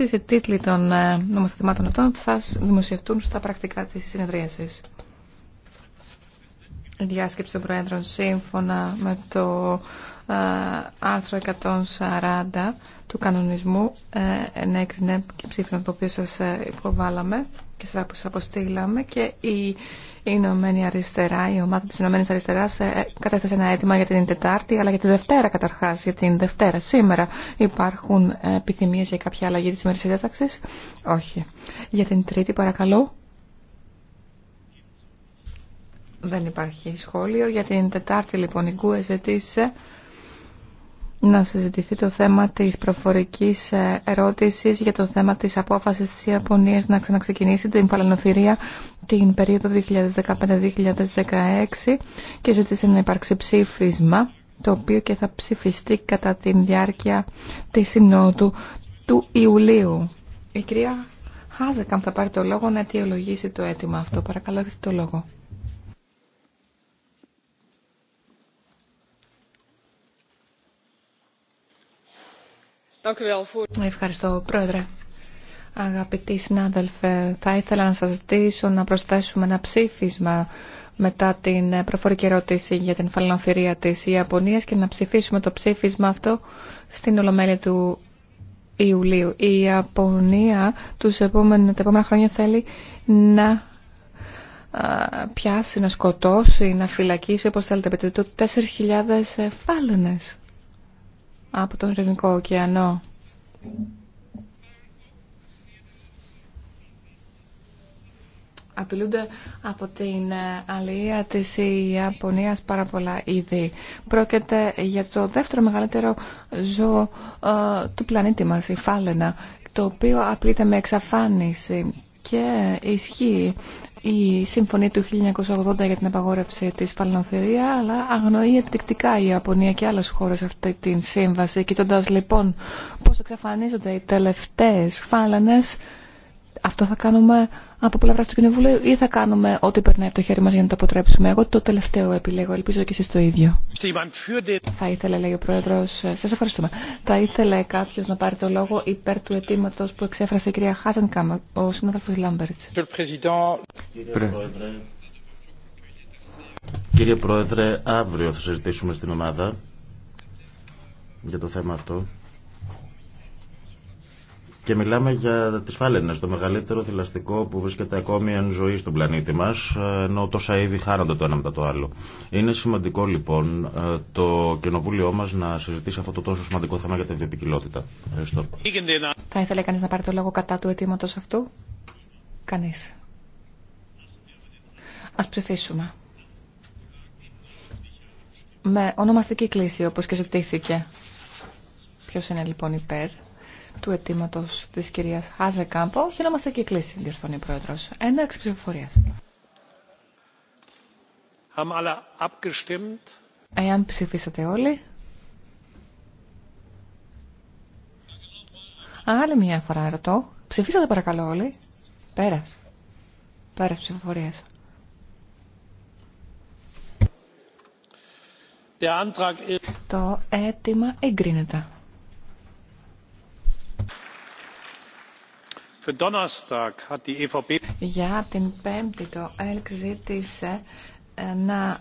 Εσείς οι τίτλοι των ε, νομοθετημάτων αυτών θα δημοσιευτούν στα πρακτικά της συνεδρίασης διάσκεψη των Προέδρων σύμφωνα με το ε, άρθρο 140 του κανονισμού ε, ενέκρινε και ψήφινα το οποίο σας ε, υποβάλαμε και σας αποστήλαμε και η Ηνωμένη Αριστερά, η ομάδα της Ηνωμένης Αριστεράς κατέθεσε ένα αίτημα για την Τετάρτη αλλά για τη Δευτέρα καταρχάς, για την Δευτέρα σήμερα υπάρχουν επιθυμίες για κάποια αλλαγή της ημέρης σύνταξης, όχι για την Τρίτη παρακαλώ Δεν υπάρχει σχόλιο. Για την Τετάρτη λοιπόν η Κούε ζητήσε να συζητηθεί το θέμα της προφορικής ε, ερώτησης για το θέμα της απόφασης της Ιαπωνίας να ξαναξεκινήσει την φαλανοθυρία την περίοδο 2015-2016 και ζήτησε να υπάρξει ψήφισμα το οποίο και θα ψηφιστεί κατά τη διάρκεια της Συνόδου του Ιουλίου. Η κυρία Χάζεκαμ θα πάρει το λόγο να αιτιολογήσει το αίτημα αυτό. Παρακαλώ έχετε το λόγο. Ευχαριστώ, Πρόεδρε. Αγαπητοί συνάδελφοι, θα ήθελα να σας ζητήσω να προσθέσουμε ένα ψήφισμα μετά την προφορική ερώτηση για την φαλανθυρία της Ιαπωνίας και να ψηφίσουμε το ψήφισμα αυτό στην Ολομέλεια του Ιουλίου. Η Ιαπωνία τους τα επόμενα χρόνια θέλει να πιάσει, να σκοτώσει, να φυλακίσει, όπως θέλετε, παιδί του, 4.000 φάλαινες από τον Ειρηνικό ωκεανό. Απειλούνται από την ε, αλληλεία της Ιαπωνία πάρα πολλά είδη. Πρόκειται για το δεύτερο μεγαλύτερο ζώο ε, του πλανήτη μας, η φάλαινα, το οποίο απειλείται με εξαφάνιση και ισχύει η σύμφωνη του 1980 για την απαγόρευση της φαλανθερία, αλλά αγνοεί επιτεκτικά η Ιαπωνία και άλλες χώρες αυτή την σύμβαση. κοιτώντα λοιπόν πώς εξαφανίζονται οι τελευταίες φάλανες, αυτό θα κάνουμε από πλευρά του Κοινοβουλίου ή θα κάνουμε ό,τι περνάει από το χέρι μα για να το αποτρέψουμε. Εγώ το τελευταίο επιλέγω. Ελπίζω και εσεί το ίδιο. Θα ήθελε, λέει ο Πρόεδρο, ε, σα ευχαριστούμε. Θα ήθελε κάποιο να πάρει το λόγο υπέρ του αιτήματο που εξέφρασε η κυρία Χάζενκαμ, ο συνάδελφο Λάμπερτ. Κύριε Πρόεδρε, αύριο θα συζητήσουμε στην ομάδα για το θέμα αυτό και μιλάμε για τις φάλαινες, το μεγαλύτερο θηλαστικό που βρίσκεται ακόμη εν ζωή στον πλανήτη μας, ενώ τόσα είδη χάνονται το ένα μετά το άλλο. Είναι σημαντικό λοιπόν ε, το κοινοβούλιο μας να συζητήσει αυτό το τόσο σημαντικό θέμα για την βιοπικιλότητα. Ευχαριστώ. Θα ήθελε κανείς να πάρει το λόγο κατά του αιτήματο αυτού. Κανείς. Ας ψηφίσουμε. Με ονομαστική κλίση όπως και ζητήθηκε. Ποιος είναι λοιπόν υπέρ του αιτήματο τη κυρία Χάζε Κάμπο. Χαιρόμαστε και κλείσει, διορθώνει ο πρόεδρο. Έναρξη ψηφοφορία. Εάν ψηφίσατε όλοι. Άλλη μια φορά ρωτώ. Ψηφίσατε παρακαλώ όλοι. Πέρας. Πέρας ψηφοφορίας. Το αίτημα εγκρίνεται. E για την Πέμπτη το ΕΛΚ ζήτησε ε, να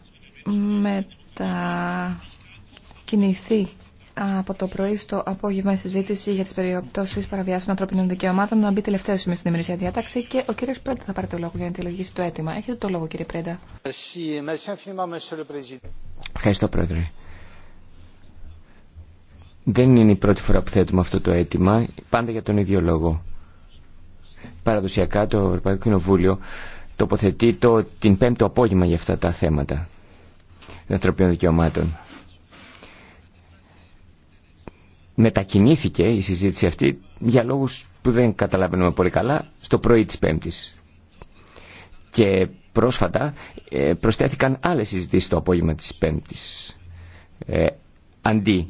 μετακινηθεί από το πρωί στο απόγευμα η συζήτηση για τι περιοπτώσει παραβιάσεων ανθρωπίνων δικαιωμάτων να μπει τελευταίο σημείο στην ημερήσια διάταξη και ο κύριο Πρέντα θα πάρει το λόγο για να λογίσει το αίτημα. Έχετε το λόγο, κύριε Πρέντα. Ευχαριστώ, Πρόεδρε. Δεν είναι η πρώτη φορά που θέτουμε αυτό το αίτημα, πάντα για τον ίδιο λόγο. Παραδοσιακά το Ευρωπαϊκό Κοινοβούλιο τοποθετεί το, την πέμπτο απόγευμα για αυτά τα θέματα των ανθρωπίνων δικαιωμάτων. Μετακινήθηκε η συζήτηση αυτή για λόγους που δεν καταλαβαίνουμε πολύ καλά στο πρωί της Πέμπτης. Και πρόσφατα ε, προσθέθηκαν άλλες συζητήσεις το απόγευμα της Πέμπτης ε, αντί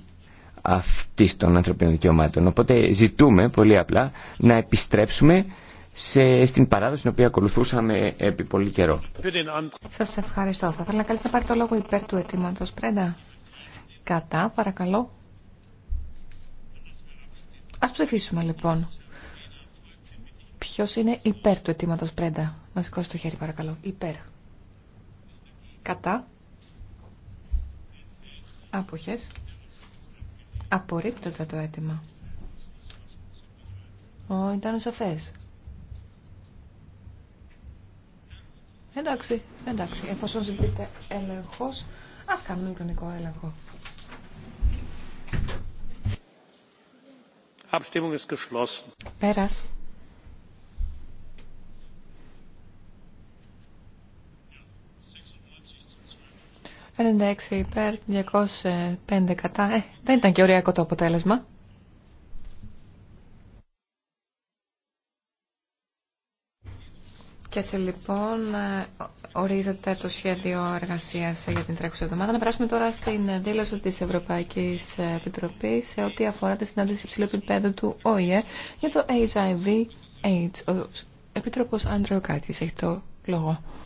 αυτής των ανθρωπίνων δικαιωμάτων. Οπότε ζητούμε πολύ απλά να επιστρέψουμε σε, στην παράδοση την οποία ακολουθούσαμε επί πολύ καιρό. Σα ευχαριστώ. Θα ήθελα καλύτερα να πάρει το λόγο υπέρ του αιτήματο Πρέντα. Κατά, παρακαλώ. Ας ψηφίσουμε λοιπόν. Ποιο είναι υπέρ του αιτήματο Πρέντα. Μα σηκώσει το χέρι παρακαλώ. Υπέρ. Κατά. Άποχες. Απορρίπτεται το αίτημα. Ω, ήταν σαφές. Εντάξει, εντάξει. Εφόσον ζητείτε έλεγχο, ας κάνουμε εικονικό έλεγχο. Abstimmung ist geschlossen. υπέρ, 205 κατά. Ε, δεν ήταν και ωριακό το αποτέλεσμα. Και έτσι λοιπόν ε, ορίζεται το σχέδιο εργασίας για την τρέχουσα εβδομάδα. Να περάσουμε τώρα στην δήλωση της Ευρωπαϊκής Επιτροπής σε ό,τι αφορά τη συνάντηση υψηλού επίπεδου του ΟΗΕ για το HIV AIDS. Ο Επίτροπος Άντριο Κάτης έχει το λόγο.